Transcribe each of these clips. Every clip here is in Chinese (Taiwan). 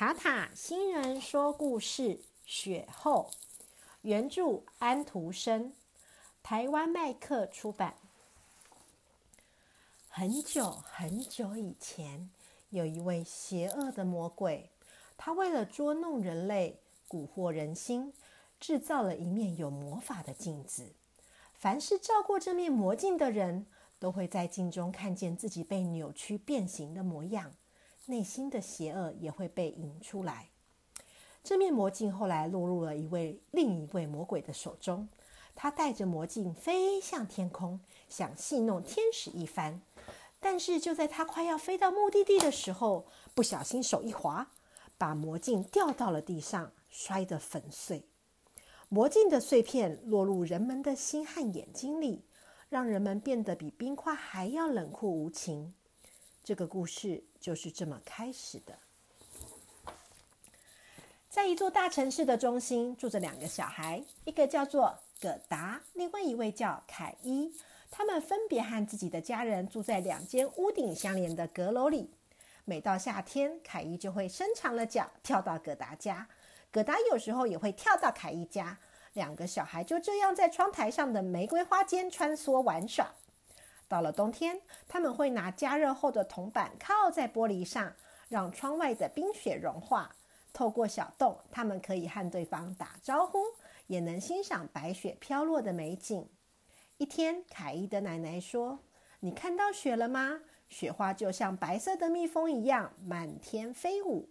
塔塔新人說故事《雪後》，原著安徒生，台灣麥克出版。很久很久以前，有一位邪惡的魔鬼，他為了捉弄人類、蠱惑人心，製造了一面有魔法的鏡子。凡是照過這面魔鏡的人，都會在鏡中看見自己被扭曲變形的模樣。內心的邪惡也會被引出來。這面魔鏡後來落入了一位另一位魔鬼的手中，他帶着魔鏡飛向天空，想戲弄天使一番。但是就在他快要飛到目的地的時候，不小心手一滑，把魔鏡掉到了地上，摔得粉碎。魔鏡的碎片落入人們的心和眼睛裡，讓人們變得比冰塊還要冷酷無情。這個故事就是這麼開始的。在一座大城市的中心，住着兩個小孩，一個叫做葛達，另外一位叫凱伊。他們分別和自己的家人住在兩間屋頂相連的閣樓裡。每到夏天，凱伊就會伸長了腳跳到葛達家，葛達有時候也會跳到凱伊家。兩個小孩就這樣在窗臺上的玫瑰花間穿梭玩耍。到了冬天，他們會拿加熱後的銅板靠在玻璃上，讓窗外的冰雪融化。透過小洞，他們可以和對方打招呼，也能欣賞白雪飄落的美景。一天，凱伊的奶奶說：“你看到雪了嗎？雪花就像白色的蜜蜂一樣滿天飛舞。”“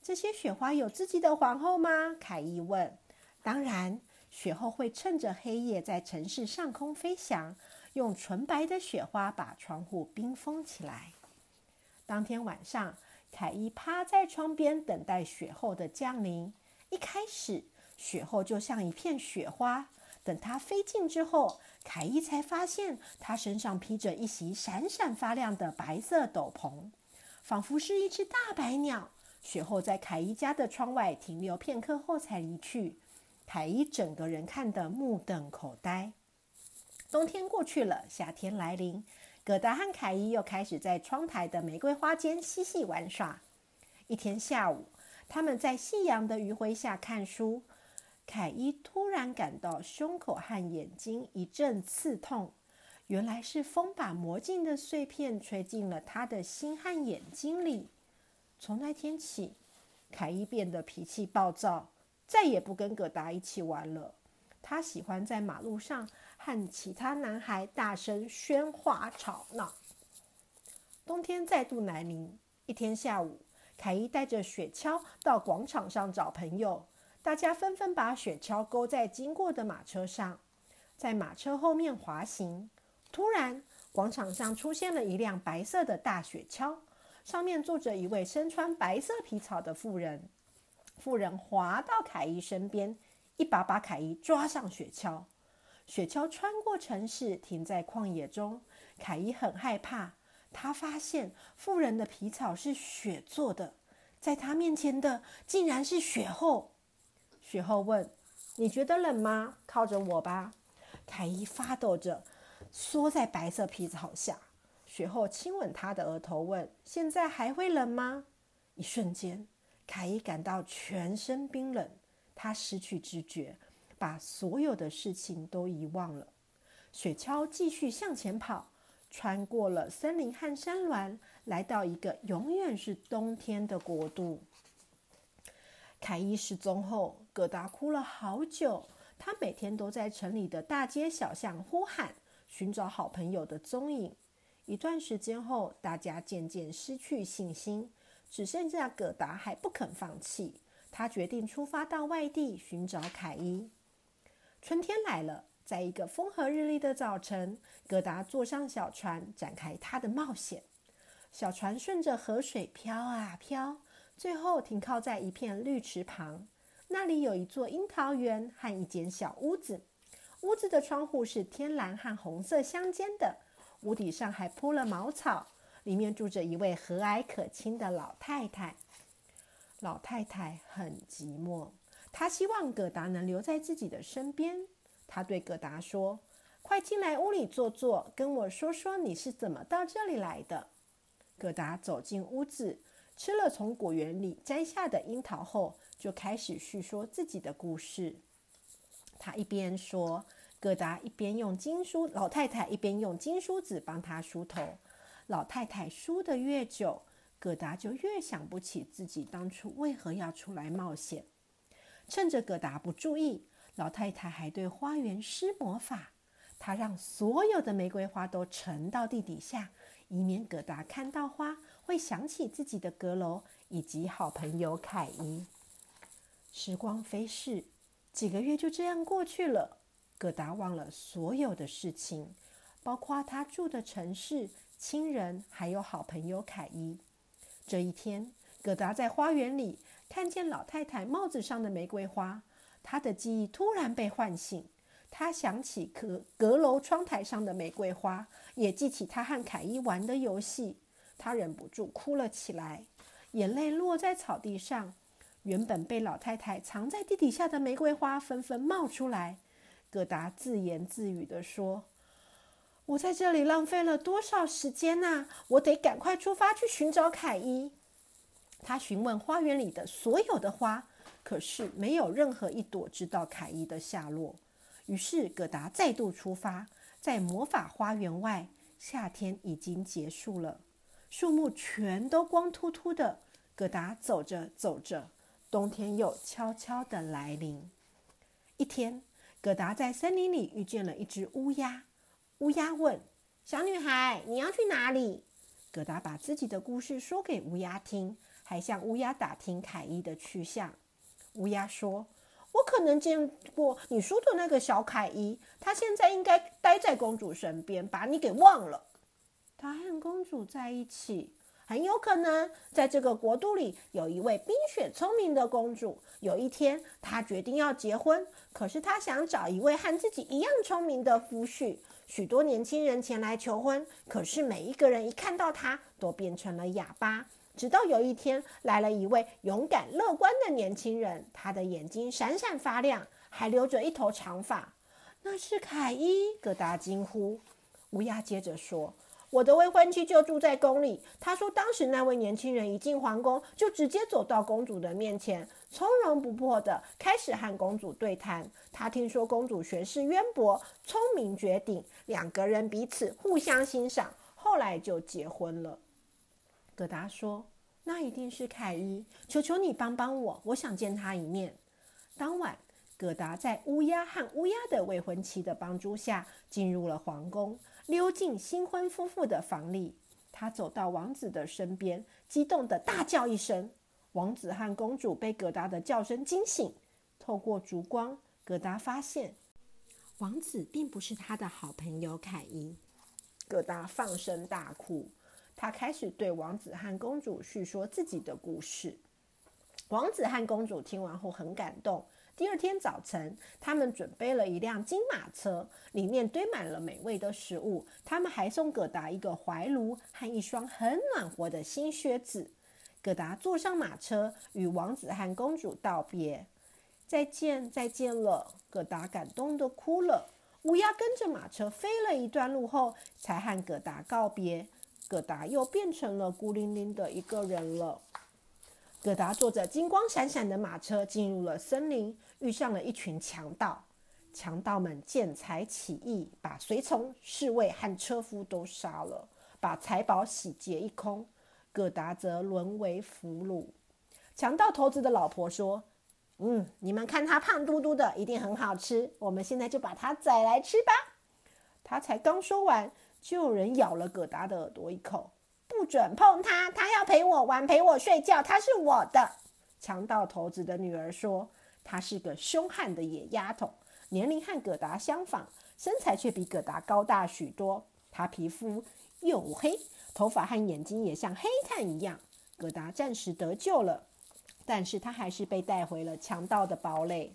這些雪花有自己的皇後嗎？凱伊問。“當然，雪後會趁着黑夜在城市上空飛翔。”用純白的雪花把窗戶冰封起來。當天晚上，凱伊趴在窗邊等待雪後的降臨。一開始，雪後就像一片雪花。等它飛近之後，凱伊才發現它身上披着一襲閃閃發亮的白色斗篷，仿佛是一只大白鳥。雪後在凱伊家的窗外停留片刻後才離去。凱伊整個人看得目瞪口呆。冬天過去了，夏天來臨。葛達和凱伊又開始在窗台的玫瑰花間嬉戲玩耍。一天下午，他們在夕陽的餘暉下看書。凱伊突然感到胸口和眼睛一陣刺痛，原來是風把魔鏡的碎片吹進了他的心和眼睛裡。從那天起，凱伊變得脾氣暴躁，再也不跟葛達一起玩了。他喜歡在馬路上，和其他男孩大聲喧嘩、吵鬧。冬天再度來臨，一天下午，凱伊帶着雪橇到廣場上找朋友，大家紛紛把雪橇勾在經過的馬車上，在馬車後面滑行。突然，廣場上出現了一輛白色的大雪橇，上面坐着一位身穿白色皮草的婦人。婦人滑到凱伊身邊，一把把凱伊抓上雪橇。雪橇穿過城市，停在曠野中。凱伊很害怕。他發現富人的皮草是雪做的，在他面前的竟然是雪後。雪後問：“你覺得冷嗎？靠着我吧。”凱伊發抖着，縮在白色皮草下。雪後親吻他的額頭，問：“現在還會冷嗎？”一瞬間，凱伊感到全身冰冷，他失去知覺。把所有的事情都遺忘了。雪橇繼續向前跑，穿過了森林和山巒，來到一個永遠是冬天的國度。凱伊失蹤後，葛達哭了好久。他每天都在城裡的大街小巷呼喊，尋找好朋友的蹤影。一段時間後，大家漸漸失去信心，只剩下葛達還不肯放棄。他決定出發到外地尋找凱伊。春天來了，在一個風和日麗的早晨，格達坐上小船，展開他的冒險。小船順着河水飄啊飄，最後停靠在一片綠池旁。那裡有一座櫻桃園和一間小屋子。屋子的窗戶是天藍和紅色相間的，屋頂上還鋪了茅草。裡面住着一位和藹可親的老太太。老太太很寂寞。他希望葛達能留在自己的身邊。他對葛達說：“快進來屋裡坐坐，跟我說說你是怎麼到這裡來的。”葛達走進屋子，吃了從果園裡摘下的櫻桃後，就開始敘說自己的故事。他一邊說，葛達一邊用金梳，老太太一邊用金梳子幫他梳頭。老太太梳得越久，葛達就越想不起自己當初為何要出來冒險。趁着葛達不注意，老太太還對花園施魔法。她讓所有的玫瑰花都沉到地底下，以免葛達看到花會想起自己的閣樓以及好朋友凱伊。時光飛逝，幾個月就這樣過去了。葛達忘了所有的事情，包括他住的城市、親人，還有好朋友凱伊。這一天，葛達在花園裡看見老太太帽子上的玫瑰花，她的記憶突然被喚醒。她想起閣閣樓窗台上的玫瑰花，也記起她和凱伊玩的遊戲。她忍不住哭了起來，眼淚落在草地上。原本被老太太藏在地底下的玫瑰花紛紛冒冒出來。葛達自言自語地說：“我在這裡浪費了多少時間吶！我得趕快出發去尋找凱伊。”他詢問花園裡的所有的花，可是沒有任何一朵知道凱伊的下落。於是葛達再度出發，在魔法花園外，夏天已經結束了，樹木全都光禿禿的。葛達走着走着，冬天又悄悄地來臨。一天，葛達在森林裡遇見了一隻烏鴉。烏鴉問：“小女孩，你要去哪裡？”葛達把自己的故事說給烏鴉聽。還向烏鴉打聽凱伊的去向。烏鴉說：“我可能見過你說的那個小凱伊，他現在應該待在公主身邊，把你給忘了。他和公主在一起，很有可能在這個國度裡有一位冰雪聰明的公主。有一天，他決定要結婚，可是他想找一位和自己一樣聰明的夫婿。許多年輕人前來求婚，可是每一個人一看到他，都變成了啞巴。”直到有一天，來了一位勇敢樂觀的年輕人，他的眼睛閃閃發亮，還留着一頭長髮。那是凱伊，格達驚呼。烏鴉接着說：“我的未婚妻就住在宮裡。她說，當時那位年輕人一進皇宮，就直接走到公主的面前，從容不迫地開始和公主對談。他聽說公主學識淵博，聰明絕頂，兩個人彼此互相欣賞，後來就結婚了。”葛達說：“那一定是凱伊，求求你幫幫我，我想見他一面。”當晚，葛達在烏鴉和烏鴉的未婚妻的幫助下進入了皇宮，溜進新婚夫婦的房裡。他走到王子的身邊，激動的大叫一聲。王子和公主被葛達的叫聲驚醒，透過燭光，葛達發現王子並不是他的好朋友凱伊。葛達放聲大哭。他開始對王子和公主敘說自己的故事。王子和公主聽完後很感動。第二天早晨，他們準備了一輛金馬車，裡面堆滿了美味的食物。他們還送葛達一個懷爐和一雙很暖和的新靴子。葛達坐上馬車，與王子和公主道別：“再見，再見了。”葛達感動得哭了。烏鴉跟着馬車飛了一段路後，才和葛達告別。葛達又變成了孤零零的一個人了。葛達坐着金光閃閃的馬車進入了森林，遇上了一群強盜。強盜們見財起意，把隨從、侍衛和車夫都殺了，把財寶洗劫一空。葛達則淪為俘虜。強盜頭子的老婆說：“嗯，你們看他胖嘟嘟的，一定很好吃。我們現在就把他宰來吃吧。”他才剛說完。就有人咬了葛達的耳朵一口，不准碰他。他要陪我玩，陪我睡覺。他是我的。強盜頭子的女兒說：“她是個兇悍的野丫頭，年齡和葛達相仿，身材卻比葛達高大許多。她皮膚黝黑，頭髮和眼睛也像黑炭一樣。”葛達暫時得救了，但是他還是被帶回了強盜的堡壘。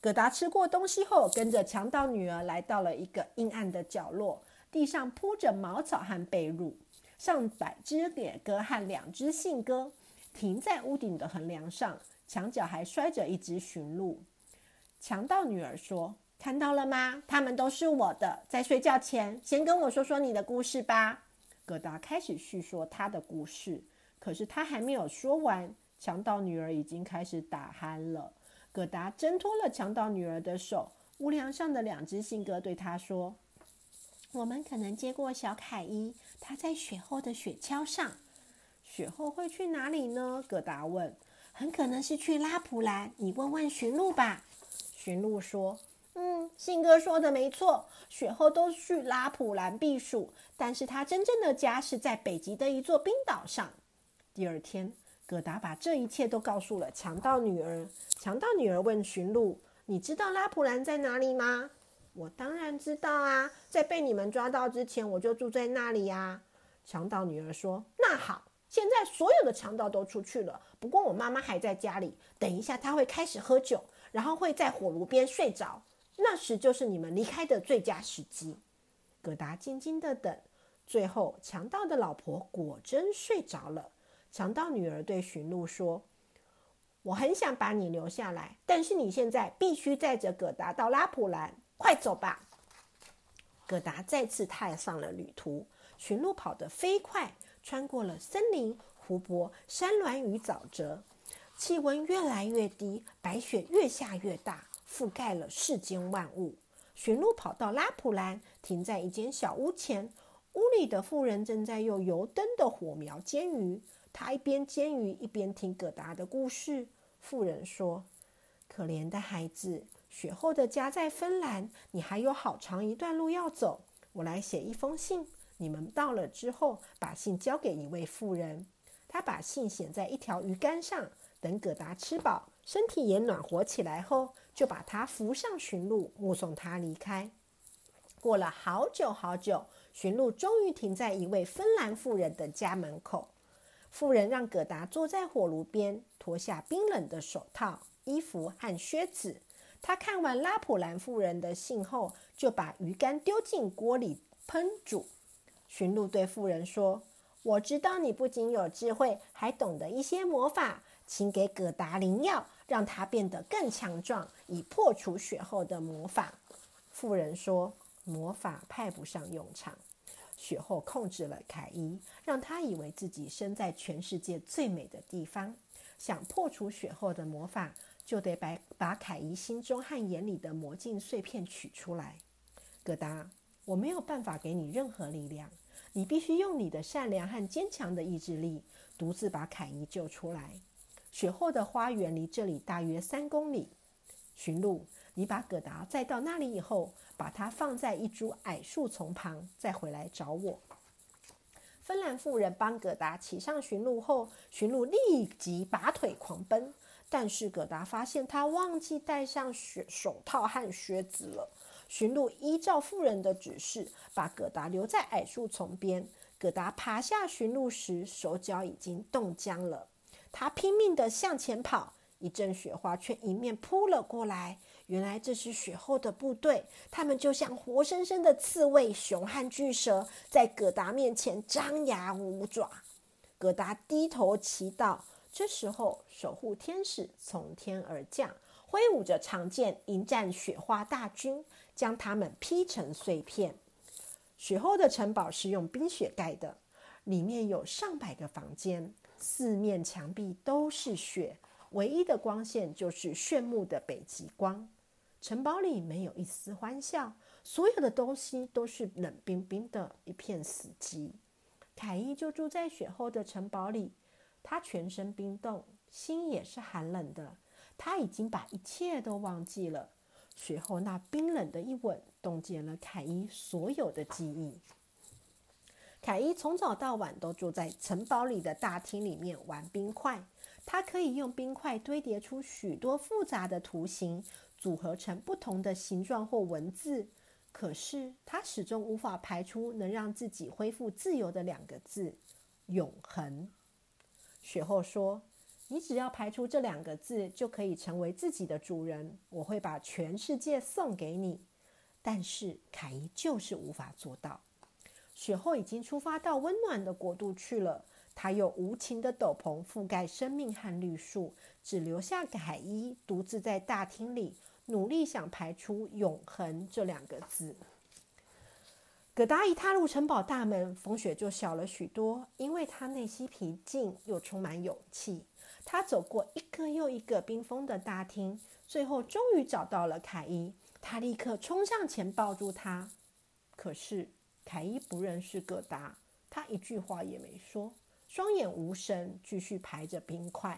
葛達吃過東西後，跟着強盜女兒來到了一個陰暗的角落。地上鋪着茅草和被褥，上百隻野鴿和兩隻信鴿停在屋頂的橫梁上，牆角還摔着一隻馴鹿。強盜女兒說：“看到了嗎？它們都是我的。”在睡覺前，先跟我說說你的故事吧。葛達開始敘說他的故事，可是他還沒有說完，強盜女兒已經開始打鼾了。葛達掙脫了強盜女兒的手，屋梁上的兩隻信鴿對他說，我們可能接過小凱伊，他在雪後的雪橇上。雪後會去哪裡呢？葛達問。很可能是去拉普蘭，你問問馴鹿吧。馴鹿說：“嗯，信哥說的沒錯，雪後都去拉普蘭避暑，但是他真正的家是在北極的一座冰島上。”第二天，葛達把這一切都告訴了強盜女兒。強盜女兒問馴鹿：“你知道拉普蘭在哪裡嗎？”我當然知道啊，在被你們抓到之前，我就住在那裡呀、啊。強盜女兒說：“那好，現在所有的強盜都出去了，不過我媽媽還在家裡。等一下，她會開始喝酒，然後會在火爐邊睡着。那時就是你們離開的最佳時機。”葛達靜靜地等，最後強盜的老婆果真睡着了。強盜女兒對馴鹿說：“我很想把你留下來，但是你現在必須帶着葛達到拉普蘭。”快走吧！葛達再次踏上了旅途。馴鹿跑得飛快，穿過了森林、湖泊、山巒與沼澤。氣溫越來越低，白雪越下越大，覆蓋了世間萬物。馴鹿跑到拉普蘭，停在一間小屋前。屋裡的婦人正在用油燈的火苗煎魚。她一邊煎魚，一邊聽葛達的故事。婦人說：“可憐的孩子。”雪後的家在芬蘭，你還有好長一段路要走。我來寫一封信，你們到了之後，把信交給一位婦人。她把信寫在一條魚竿上，等葛達吃飽，身體也暖和起來後，就把他扶上馴鹿，目送他離開。過了好久好久，馴鹿終於停在一位芬蘭婦人的家門口。婦人讓葛達坐在火爐邊，脫下冰冷的手套、衣服和靴子。他看完拉普蘭夫人的信後，就把魚乾丟進鍋裡烹煮。馴鹿對婦人說：“我知道你不僅有智慧，還懂得一些魔法，請給葛達靈藥，讓他變得更強壯，以破除雪後的魔法。”婦人說：“魔法派不上用場，雪後控制了凱伊，讓他以為自己身在全世界最美的地方。”想破除雪後的魔法，就得把把凱伊心中和眼裡的魔鏡碎片取出來。葛達，我沒有辦法給你任何力量，你必須用你的善良和堅強的意志力，獨自把凱伊救出來。雪後的花園離這裡大約三公里。馴鹿，你把葛達載到那裡以後，把它放在一株矮樹叢旁，再回來找我。芬蘭婦人幫葛達騎上馴鹿後，馴鹿立即拔腿狂奔。但是葛達發現他忘記戴上雪手套和靴子了。馴鹿依照婦人的指示，把葛達留在矮樹叢邊。葛達爬下馴鹿時，手腳已經凍僵了。他拼命地向前跑，一陣雪花卻迎面撲了過來。原來這是雪後的部隊，他們就像活生生的刺蝟、熊和巨蛇，在葛達面前張牙舞爪。葛達低頭祈禱。這時候，守護天使從天而降，揮舞着長劍迎戰雪花大軍，將他們劈成碎片。雪後的城堡是用冰雪蓋的，裡面有上百個房間，四面牆壁都是雪，唯一的光線就是炫目的北極光。城堡裡沒有一絲歡笑，所有的東西都是冷冰冰的，一片死寂。凱伊就住在雪後的城堡裡，他全身冰凍，心也是寒冷的。他已經把一切都忘記了。雪後那冰冷的一吻，凍結了凱伊所有的記憶。凱伊從早到晚都住在城堡裡的大廳裡面玩冰塊，他可以用冰塊堆疊出許多複雜的圖形。組合成不同的形狀或文字，可是它始終無法排出能讓自己恢復自由的兩個字“永恆”。雪後說：“你只要排除這兩個字，就可以成為自己的主人。我會把全世界送給你。”但是凱伊就是無法做到。雪後已經出發到溫暖的國度去了。他用無情的斗篷覆蓋生命和綠樹，只留下凱伊獨自在大廳裡，努力想排出“永恆”這兩個字。葛達一踏入城堡大門，風雪就小了許多，因為他內心平靜又充滿勇氣。他走過一個又一個冰封的大廳，最後終於找到了凱伊。他立刻衝上前抱住他，可是凱伊不認識葛達，他一句話也沒說。雙眼無神，繼續排着冰塊。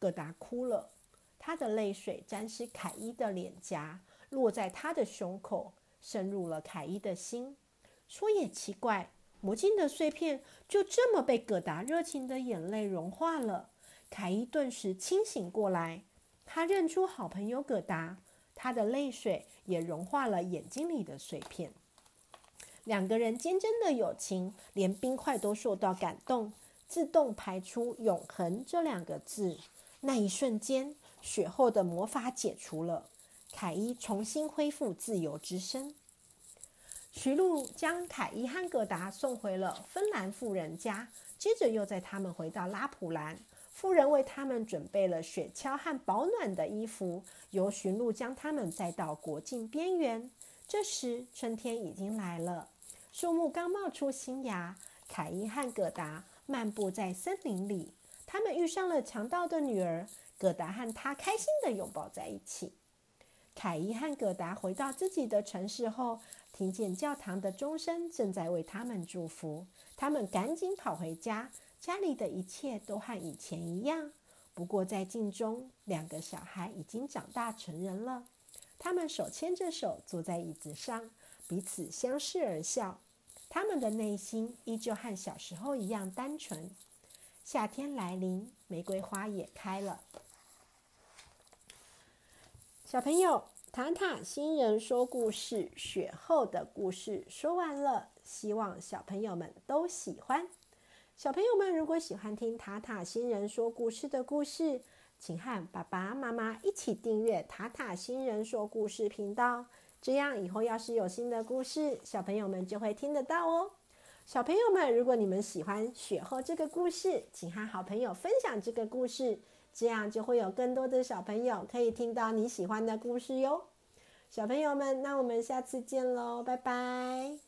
葛達哭了，他的淚水沾濕凱伊的臉頰，落在他的胸口，滲入了凱伊的心。說也奇怪，魔鏡的碎片就這麼被葛達熱情的眼淚融化了。凱伊頓時清醒過來，他認出好朋友葛達，他的淚水也融化了眼睛裡的碎片。兩個人堅貞的友情，連冰塊都受到感動。自動排出“永恆”這兩個字，那一瞬間，雪後的魔法解除了，凱伊重新恢復自由之身。馴鹿將凱伊和格達送回了芬蘭婦人家，接着又帶他們回到拉普蘭。婦人為他們準備了雪橇和保暖的衣服，由馴鹿將他們帶到國境邊緣。這時，春天已經來了，樹木剛冒出新芽。凱伊和格達，漫步在森林裡，他們遇上了強盜的女兒葛達，和她開心地擁抱在一起。凱伊和葛達回到自己的城市後，聽見教堂的鐘聲正在為他們祝福，他們趕緊跑回家。家裡的一切都和以前一樣，不過在鏡中，兩個小孩已經長大成人了。他們手牽着手坐在椅子上，彼此相視而笑。他們的內心依舊和小時候一樣單純。夏天來臨，玫瑰花也開了。小朋友，塔塔星人說故事《雪後的故事》說完了，希望小朋友們都喜歡。小朋友們如果喜歡聽塔塔星人說故事的故事，請和爸爸媽媽一起訂閱塔塔星人說故事頻道。這樣以後要是有新的故事，小朋友們就會聽得到哦。小朋友們，如果你們喜歡《雪後》這個故事，請和好朋友分享這個故事，這樣就會有更多的小朋友可以聽到你喜歡的故事喲。小朋友們，那我們下次見嘍，拜拜。